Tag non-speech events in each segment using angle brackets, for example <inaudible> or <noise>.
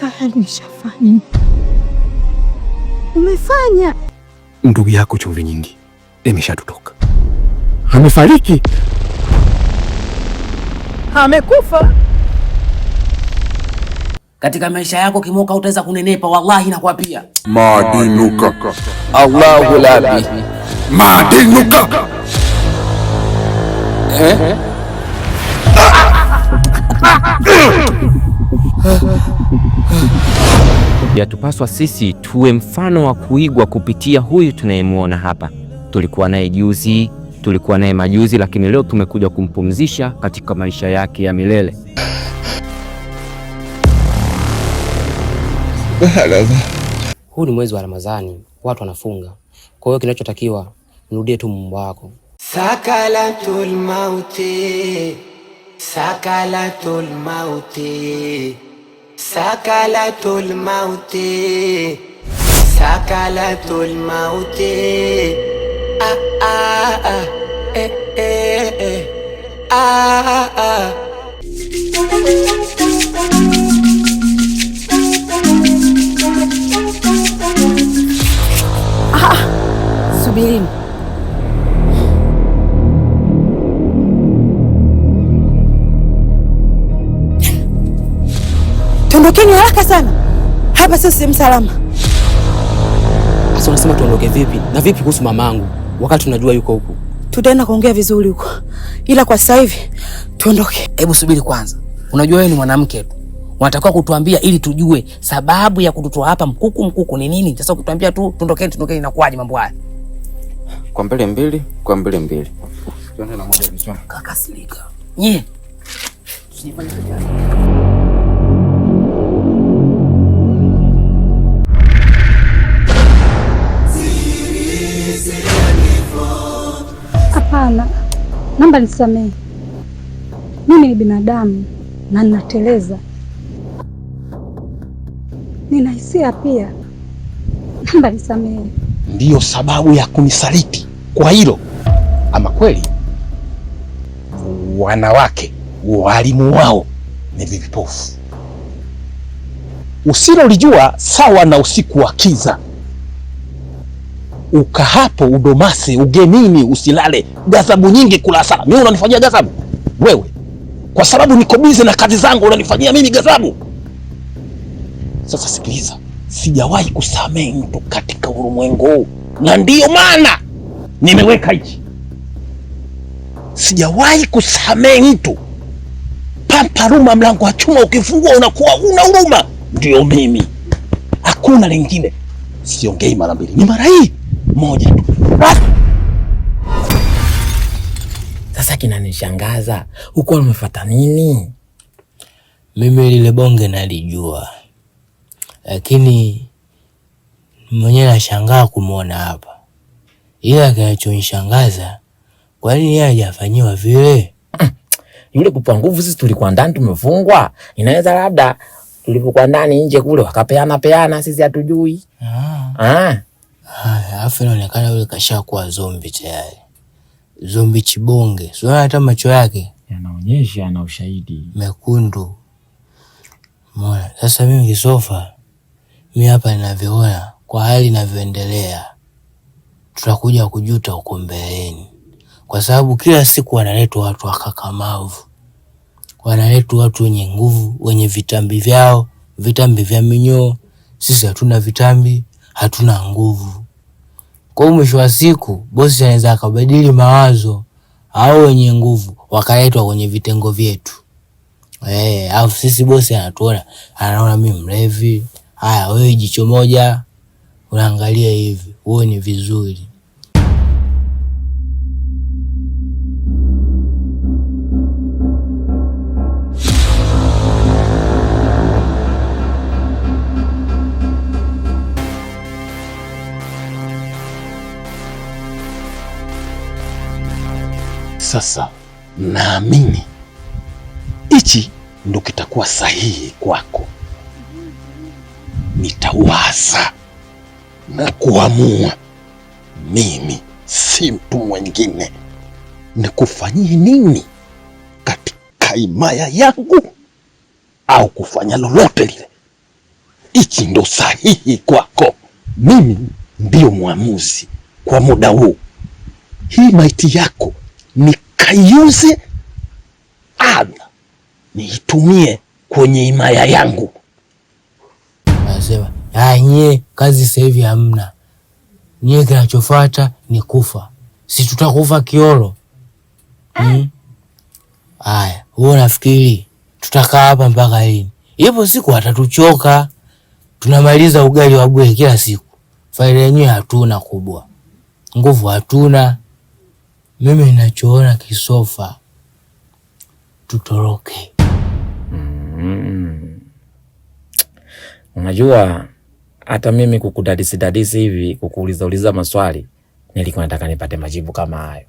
tayari ushafanya, umefanya. Ndugu yako chumvi nyingi imeshatutoka, amefariki, amekufa. Katika maisha yako kimoka utaweza kunenepa, wallahi nakwapia. Madinuka Allahu labi madinuka eh? eh? <laughs> Yatupaswa sisi tuwe mfano wa kuigwa kupitia huyu tunayemwona hapa. Tulikuwa naye juzi, tulikuwa naye majuzi, lakini leo tumekuja kumpumzisha katika maisha yake ya milele. <laughs> Huu ni mwezi wa Ramadhani, watu wanafunga. Kwa hiyo kinachotakiwa nirudie tu mumba wako sakalatul mauti, sakalatul mauti سكلة الموت سكلة الموت آه آه آه آه آه, آه،, آه. Ondokeni haraka sana, hapa sio sehemu salama. Sasa unasema tuondoke vipi? Na vipi kuhusu mamangu, wakati tunajua yuko huko? Tutaenda kuongea vizuri huko, ila kwa sasa hivi tuondoke. Hebu subiri kwanza, unajua wewe ni mwanamke tu, unatakiwa kutuambia ili tujue sababu ya kututoa hapa mkuku mkuku ni nini. Sasa ukituambia tu tuondokeni, tuondokeni, inakuwaje mambo haya? Kwa mbele mbili, kwa mbele mbili. na Kaka Silika. Nye. Yeah. naomba nisamehe, mimi ni binadamu na ninateleza, nina hisia pia, naomba nisamehe. Ndiyo sababu ya kunisaliti kwa hilo? Ama kweli wanawake walimu wao ni vipofu, usilolijua sawa na usiku wa kiza ukahapo udomase ugenini usilale, gazabu nyingi kula hasara. Mimi unanifanyia gazabu wewe, kwa sababu niko bize na kazi zangu, unanifanyia mimi gazabu Sasa sikiliza, sijawahi kusamehe mtu katika ulimwengu huu, na ndiyo maana nimeweka hichi. Sijawahi kusamehe mtu. Pampa Ruma, mlango wa chuma ukifungua unakuwa una huruma. Ndio mimi, hakuna lingine. Siongei mara mbili, ni mara hii moja tu. Sasa kinanishangaza huko, umefuata nini? Mimi lile bonge nalijua, lakini mwenyewe nashangaa kumwona hapa, ila kinachonishangaza kwa nini yeye hajafanyiwa vile <clears throat> yule kupa nguvu. Sisi tulikuwa ndani tumefungwa, inaweza labda tulipokuwa ndani nje kule wakapeana peana, sisi hatujui ah. ah. Haya, afu inaonekana yule kashakuwa zombi tayari, zombi chibonge. Sio hata macho yake yanaonyesha, ana ushahidi mekundu. Mona, sasa mimi kisofa, mi hapa ninavyoona, kwa hali inavyoendelea, tutakuja kujuta huko mbeleni, kwa sababu kila siku wanaletwa watu wakakamavu, wanaletwa watu wenye nguvu, wenye vitambi vyao, vitambi vya minyoo. Sisi hatuna vitambi, hatuna nguvu kwa hiyo mwisho wa siku bosi anaweza akabadili mawazo au wenye nguvu wakaletwa kwenye vitengo vyetu eh, au sisi bosi anatuona anaona mimi mlevi, haya wewe jicho moja unaangalia hivi, huo ni vizuri Sasa naamini hichi ndo kitakuwa sahihi kwako. Nitawaza na kuamua mimi, si mtu mwingine, nikufanyie nini katika himaya yangu au kufanya lolote lile. Hichi ndo sahihi kwako. Mimi ndiyo mwamuzi kwa muda huu. Hii maiti yako nikayuze adha niitumie kwenye imaya yangu. Anasema ah, nyie kazi sasa hivi hamna, nyie kinachofuata ni kufa, si tutakufa kiolo. Hmm? Aya, huo nafikiri tutakaa hapa mpaka lini? Ipo siku atatuchoka, tunamaliza ugali wa kila siku. Faida yenyewe hatuna kubwa, nguvu hatuna mimi ninachoona kisofa, tutoroke. Mm. Unajua hata mimi kukudadisi dadisi hivi kukuuliza uliza maswali nilikuwa nataka nipate majibu kama hayo,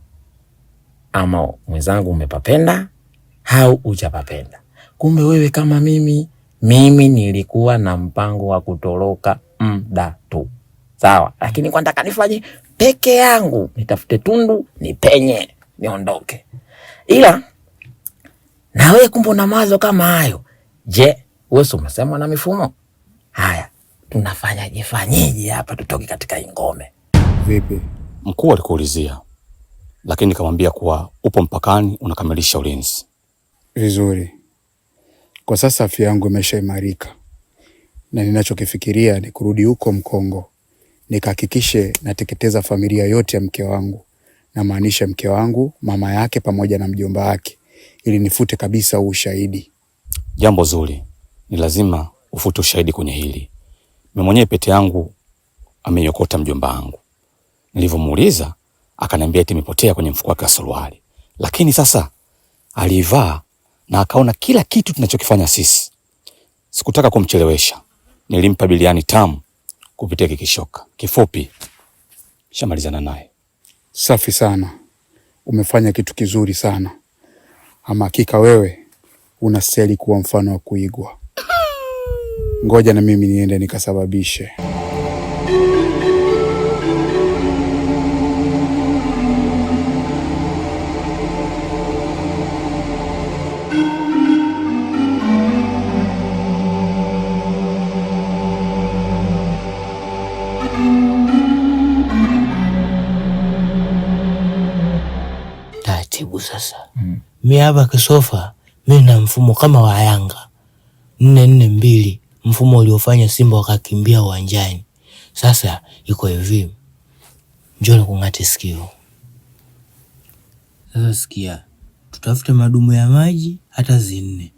ama mwenzangu umepapenda au hujapapenda. Kumbe wewe kama mimi, mimi nilikuwa na mpango wa kutoroka mda tu, sawa, lakini kwa nataka nifanye peke yangu, nitafute tundu nipenye niondoke. Ila na wewe kumbe una mawazo kama hayo. Je, wewe umesema na mifumo haya tunafanya jifanyeje hapa tutoke katika ingome? Vipi mkuu alikuulizia, lakini nikamwambia kuwa upo mpakani unakamilisha ulinzi vizuri. Kwa sasa afya yangu imeshaimarika na ninachokifikiria ni kurudi huko Mkongo nikahakikishe nateketeza familia yote ya mke wangu, namaanisha mke wangu, mama yake pamoja na mjomba wake, ili nifute kabisa huu ushahidi. Jambo zuri, ni lazima ufute ushahidi kwenye hili. Mimi mwenyewe pete yangu ameiokota mjomba wangu, nilivyomuuliza akaniambia eti imepotea kwenye mfuko wake wa suruali, lakini sasa alivaa na akaona kila kitu tunachokifanya sisi. Sikutaka kumchelewesha, nilimpa biliani tamu kupitia kikishoka kifupi. Shamalizana naye. Safi sana, umefanya kitu kizuri sana ama, hakika wewe unastahili kuwa mfano wa kuigwa. <coughs> Ngoja na mimi niende nikasababishe mi hapa kisofa, mi na mfumo kama wa Yanga nne nne mbili, mfumo uliofanya Simba wakakimbia uwanjani. Sasa iko hivi, njoo nikung'ate sikio. Sasa sikia, tutafute madumu ya maji hata zinne,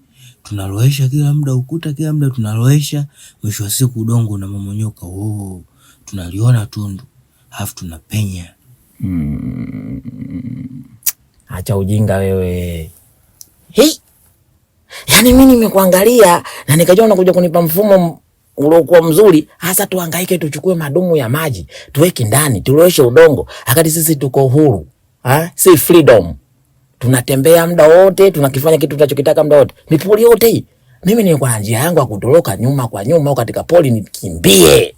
tunaloesha kila muda ukuta, kila muda tunaloesha, mwisho wa siku udongo na unamomonyoka. Oh, tunaliona tundu, halafu tunapenya mm acha ujinga wewe. Hi. Yaani mimi nimekuangalia na nikajua unakuja kunipa mfumo uliokuwa mzuri, hasa tuhangaike tuchukue madumu ya maji, tuweke ndani, tuloeshe udongo. Akati sisi tuko huru. Ha? Si freedom. Tunatembea muda wote, tunakifanya kitu tunachokitaka muda wote. Mipoli yote hii. Mimi nilikuwa na njia yangu ya kutoroka nyuma kwa nyuma au katika poli nikimbie.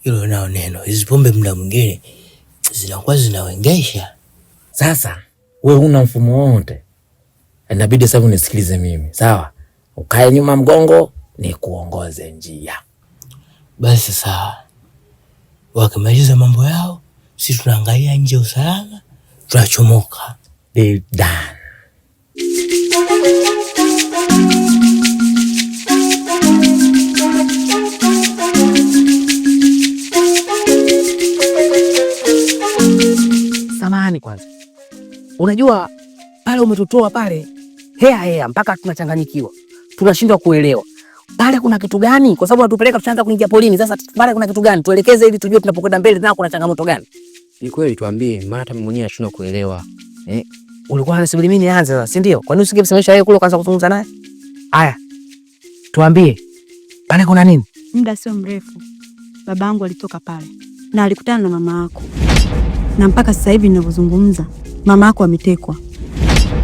Hilo nao neno. Hizi pombe muda mwingine zinakuwa zinawengesha sasa we una mfumo wote, inabidi sasa unisikilize mimi, sawa? Ukae nyuma mgongo, nikuongoze njia. Basi sawa. Wakimaliza mambo yao, si tunaangalia nje usalama, tunachomoka. Unajua pale umetutoa pale hea hea mpaka tunachanganyikiwa, tunashindwa kuelewa pale kuna kitu gani, kwa sababu unatupeleka tunaanza kuingia polini. Sasa pale kuna kitu gani? Tuelekeze ili tujue tunapokwenda mbele na kuna changamoto gani. Ni kweli, tuambie, maana hata mimi mwenyewe nashindwa kuelewa. Eh, ulikuwa unasubiri mimi nianze sasa, si ndio? Kwa nini usingemsemesha yeye kule kwanza kuzungumza naye? Aya. tuambie pale kuna nini? Muda sio mrefu babangu alitoka pale na alikutana na mama yako, na mpaka sasa hivi ninavyozungumza mama yako ametekwa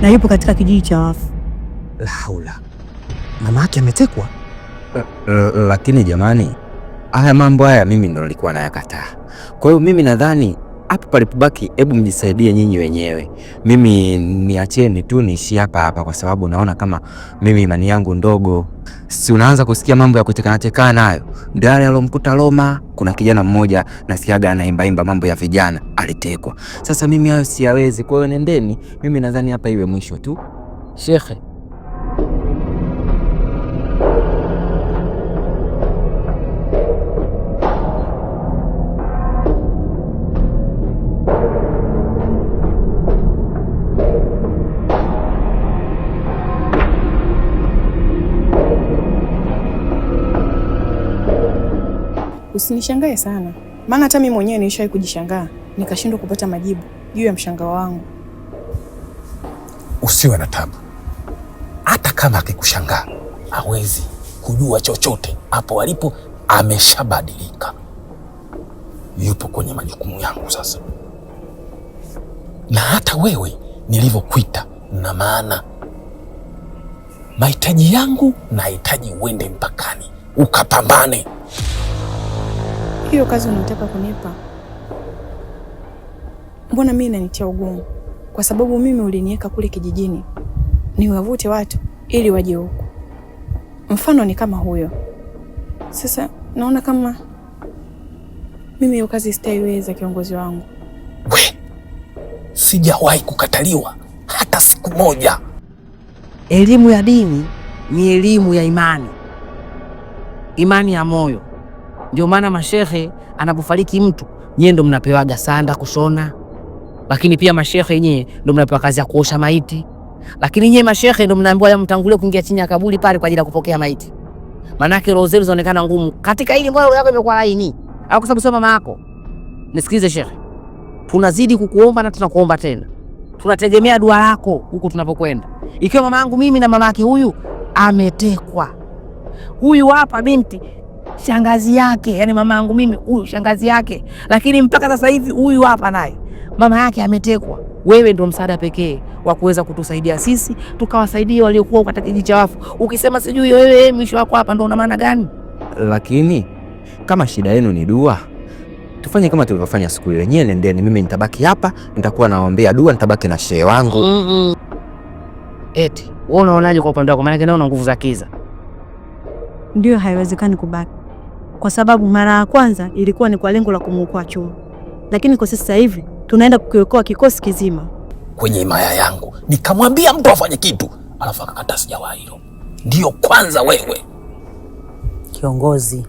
na yupo katika kijiji cha wafu. La haula, mama yake ametekwa? Lakini jamani, haya mambo haya mimi ndo nilikuwa nayakataa. Kwa hiyo mimi nadhani hapa palipobaki, hebu mjisaidie nyinyi wenyewe. Mimi niacheni tu niishi hapa hapa, kwa sababu naona kama mimi imani yangu ndogo. Si unaanza kusikia mambo ya kutekana tekana hayo. Ndani alomkuta Roma, kuna kijana mmoja nasikiaga anaimba imba mambo ya vijana, alitekwa. Sasa mimi hayo siyawezi, kwa hiyo nendeni. Mimi nadhani hapa iwe mwisho tu, shekhe. usinishangae sana, maana hata mimi mwenyewe nilishawahi kujishangaa nikashindwa kupata majibu juu ya mshangao wangu. Usiwe na tabu, hata kama akikushangaa hawezi kujua chochote hapo alipo, ameshabadilika. Yupo kwenye majukumu yangu sasa, na hata wewe nilivyokuita na maana mahitaji yangu nahitaji uende mpakani ukapambane hiyo kazi unataka kunipa, mbona mimi inanitia ugumu? Kwa sababu mimi uliniweka kule kijijini niwavute watu ili waje huku. Mfano ni kama huyo. Sasa naona kama mimi hiyo kazi sitaiweza, kiongozi wangu. We, sijawahi kukataliwa hata siku moja. Elimu ya dini ni elimu ya imani, imani ya moyo ndio maana mashehe anapofariki mtu, nyie ndo mnapewaga sanda kushona, lakini pia mashehe nyie ndo mnapewa kazi ya kuosha maiti, lakini nyie mashehe ndo mnaambiwa ya mtangulie kuingia chini ya kaburi pale kwa ajili ya kupokea maiti. Maana yake roho zenu zinaonekana ngumu katika hili, mbona roho yako imekuwa laini? Au kwa sababu sio mama yako? Nisikilize shehe, tunazidi kukuomba na tunakuomba tena, tunategemea dua yako huku tunapokwenda. Ikiwa mama yangu mimi na mama yake huyu ametekwa, huyu hapa binti shangazi yake, yani mama yangu mimi, huyu shangazi yake, lakini mpaka sasa hivi huyu hapa naye mama yake ametekwa. Wewe ndo msaada pekee wa kuweza kutusaidia sisi tukawasaidia waliokuwa katika kijiji cha wafu. Ukisema sijui wewe eh, mwisho wako hapa, ndo una maana gani? Lakini kama shida yenu ni dua, tufanye kama tulivyofanya siku ile. Nyewe nendeni, mimi nitabaki hapa, nitakuwa naombea dua, nitabaki na shehe wangu. mm -mm. Eti wewe unaonaje kwa upande wako? Maana nao una nguvu za kiza. Ndio, haiwezekani kubaki kwa sababu mara ya kwanza ilikuwa ni kwa lengo la kumuokoa Chuma, lakini kwa sasa hivi tunaenda kukiokoa kikosi kizima. Kwenye imaya yangu nikamwambia mtu afanye kitu alafu akakata, sijawahi. Hilo ndiyo kwanza wewe kiongozi,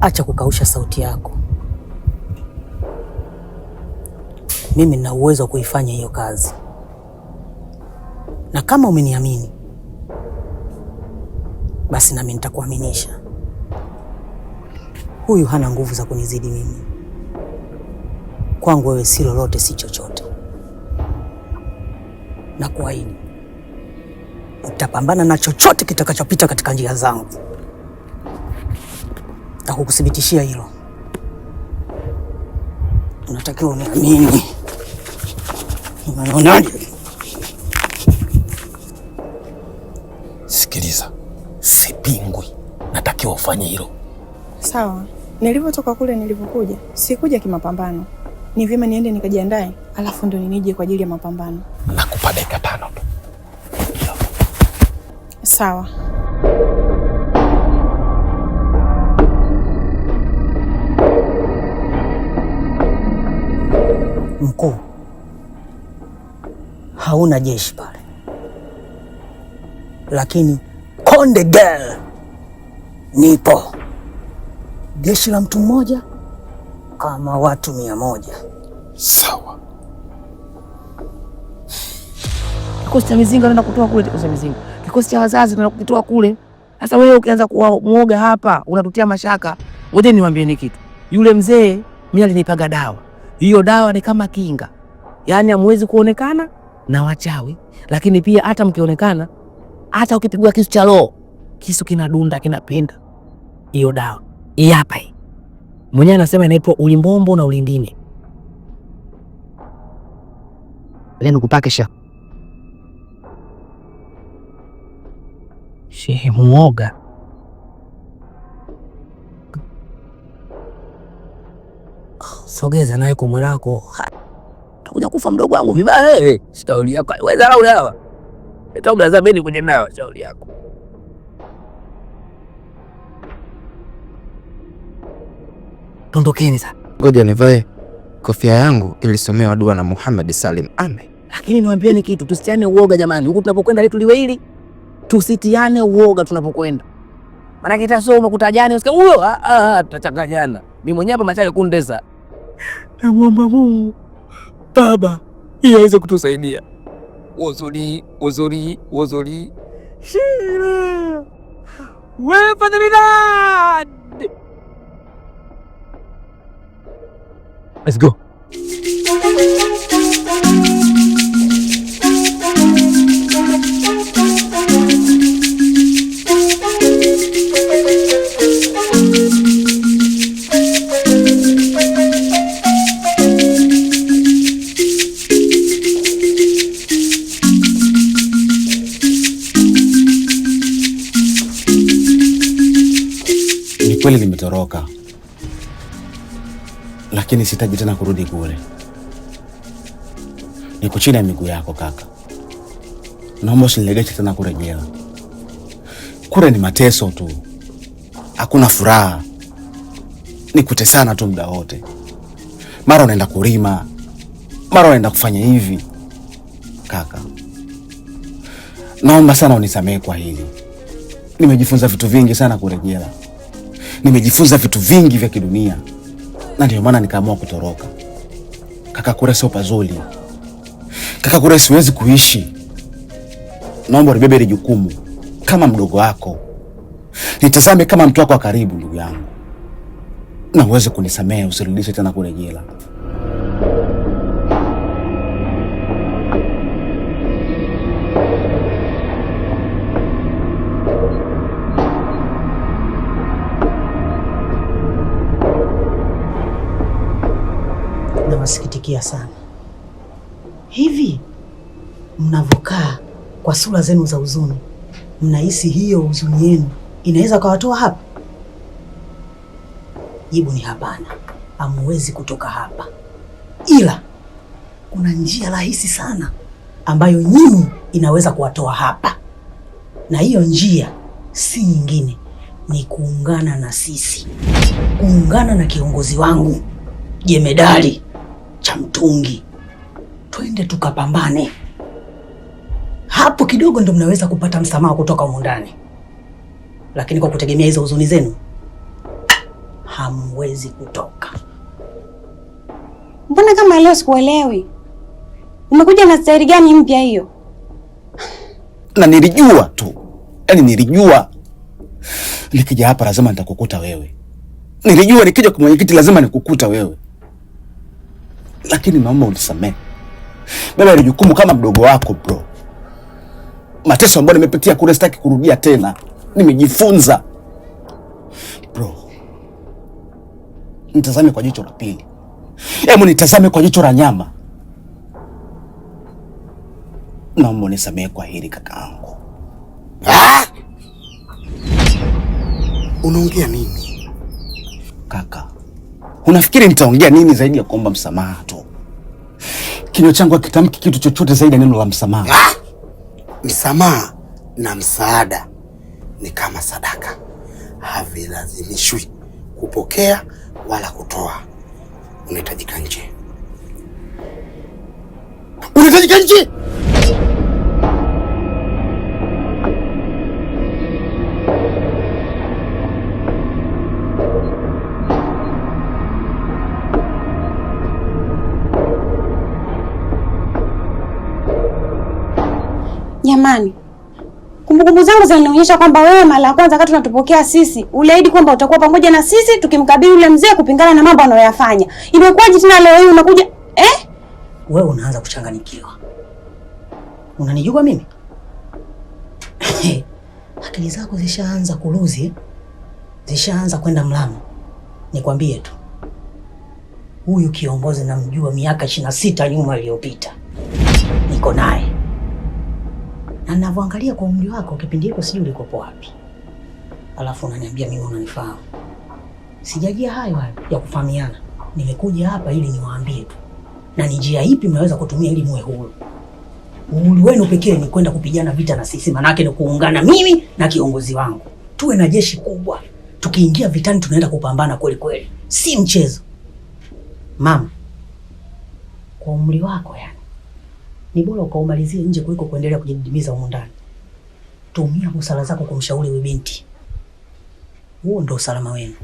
acha kukausha sauti yako. Mimi nina uwezo wa kuifanya hiyo kazi, na kama umeniamini basi nami nitakuaminisha huyu hana nguvu za kunizidi mimi. Kwangu wewe si lolote, si chochote, na kuahidi utapambana na chochote kitakachopita katika njia zangu na kukuthibitishia hilo. Unatakiwa uniamini. Unaonaje? Sikiliza, sipingwi, natakiwa ufanye hilo sawa. Nilivyotoka kule nilivyokuja, sikuja kimapambano. Ni vyema niende nikajiandae, alafu ndo ninije kwa ajili ya mapambano. Nakupa dakika tano tu. Sawa. Mkuu, hauna jeshi pale, lakini Konde Girl nipo jeshi la mtu mmoja kama watu mia moja. Sawa. Kikosi cha mizinga naenda kutoa kule, kikosi cha mizinga, kikosi cha wazazi naenda kutoa kule. Sasa wewe ukianza kuwa mwoga hapa unatutia mashaka. Wote niwaambie ni kitu, yule mzee mimi alinipaga dawa, hiyo dawa ni kama kinga, yaani hamwezi kuonekana na wachawi, lakini pia hata mkionekana, hata ukipigwa kisu cha roho, kisu kinadunda kinapinda, hiyo dawa hii hapa hii. Mwenyewe anasema inaitwa ulimbombo na ulindini. leni kupakisha. Shehe muoga. Sogeza naye kwa mwanako. kufa mdogo wangu vibaya wewe. Shauri yako. Wewe dharau dawa. Etabu lazameni kwenye nao shauri yako. Tondokeni sasa. Ngoja nivae kofia yangu ilisomewa dua na Muhammad Salim Ame. Lakini niwaambieni kitu, tusitiane uoga jamani, huku tunapokwenda letu liwe hili, tusitiane uoga tunapokwenda, maana kitasoma kutajani usika ah, huyo, ah ah, tutachanganyana. Mimi mwenyewe hapa machaye kundesa, namwomba Mungu Baba ili aweze kutusaidia. Uzuri, uzuri, uzuri shira wewe fadhilani Let's go. Kweli nimetoroka lakini sitaji tena kurudi kule. Niko chini ya miguu yako kaka, naomba usinilegeshe tena jela. kule. Ni mateso tu, hakuna furaha, sana tu muda wote. Mara unaenda kulima, mara unaenda kufanya hivi. Kaka, naomba sana unisamehe kwa hili. Nimejifunza vitu vingi sana jela, nimejifunza vitu vingi vya kidunia na ndio maana nikaamua kutoroka. Kaka Kure sio pazuri. Kaka Kure, siwezi kuishi. Naomba ulibebe ile jukumu kama mdogo wako, nitazame kama mtu wako wa karibu, ndugu yangu, na uweze kunisamehe, usirudishe tena kule jela. nawasikitikia sana. Hivi mnavyokaa kwa sura zenu za huzuni, mnahisi hiyo huzuni yenu inaweza kawatoa hapa? Jibu ni hapana, hamwezi kutoka hapa, ila kuna njia rahisi sana ambayo nyinyi inaweza kuwatoa hapa, na hiyo njia si nyingine, ni kuungana na sisi, kuungana na kiongozi wangu jemedali cha mtungi, twende tukapambane. Hapo kidogo ndo mnaweza kupata msamaha kutoka humu ndani, lakini kwa kutegemea hizo huzuni zenu hamwezi kutoka. Mbona kama leo sikuelewi? Umekuja na staili gani mpya hiyo? Na nilijua tu, yaani nilijua nikija hapa lazima nitakukuta wewe. Nilijua nikija kwa mwenyekiti lazima nikukuta wewe lakini naomba unisamehe. Beba ni jukumu kama mdogo wako bro. Mateso ambayo nimepitia kule sitaki kurudia tena, nimejifunza bro. Nitazame kwa jicho la pili, hebu nitazame kwa jicho la nyama. Naomba unisamehe kwa hili kakaangu. Unaongea nini kaka? Unafikiri nitaongea nini zaidi ya kuomba msamaha tu? Kinywa changu hakitamki kitu chochote zaidi ya neno la msamaha. Ah! Msamaha na msaada ni kama sadaka, havilazimishwi kupokea wala kutoa. Unahitajika nje, unahitajika nje. Jamani, kumbukumbu zangu zinaonyesha kwamba wewe mara ya kwanza wakati unatupokea sisi uliahidi kwamba utakuwa pamoja na sisi tukimkabili yule mzee kupingana na mambo anayoyafanya. Imekuwaje tena leo hii unakuja eh? Wewe unaanza kuchanganyikiwa. Unanijua mimi? <laughs> Akili zako zishaanza kuruzi, zishaanza kwenda mlamo. Nikwambie tu huyu kiongozi namjua miaka ishirini na sita nyuma iliyopita, niko naye na ninavyoangalia kwa umri wako kipindi hiko sijui ulikopo wapi, alafu unaniambia mimi unanifahamu. Sijajia hayo hayo ya kufahamiana, nimekuja hapa ili niwaambie tu, na ni njia ipi mnaweza kutumia ili muwe huru. Uhuru wenu pekee ni kwenda kupigana vita na sisi, manake ni kuungana mimi na kiongozi wangu, tuwe na jeshi kubwa. Tukiingia vitani, tunaenda kupambana kweli kweli, si mchezo mama, kwa umri wako yani ni bora ukaumalizie nje kuliko kuendelea kujididimiza huko ndani. Tumia busara zako kumshauri huyu binti, huo ndo usalama wenu.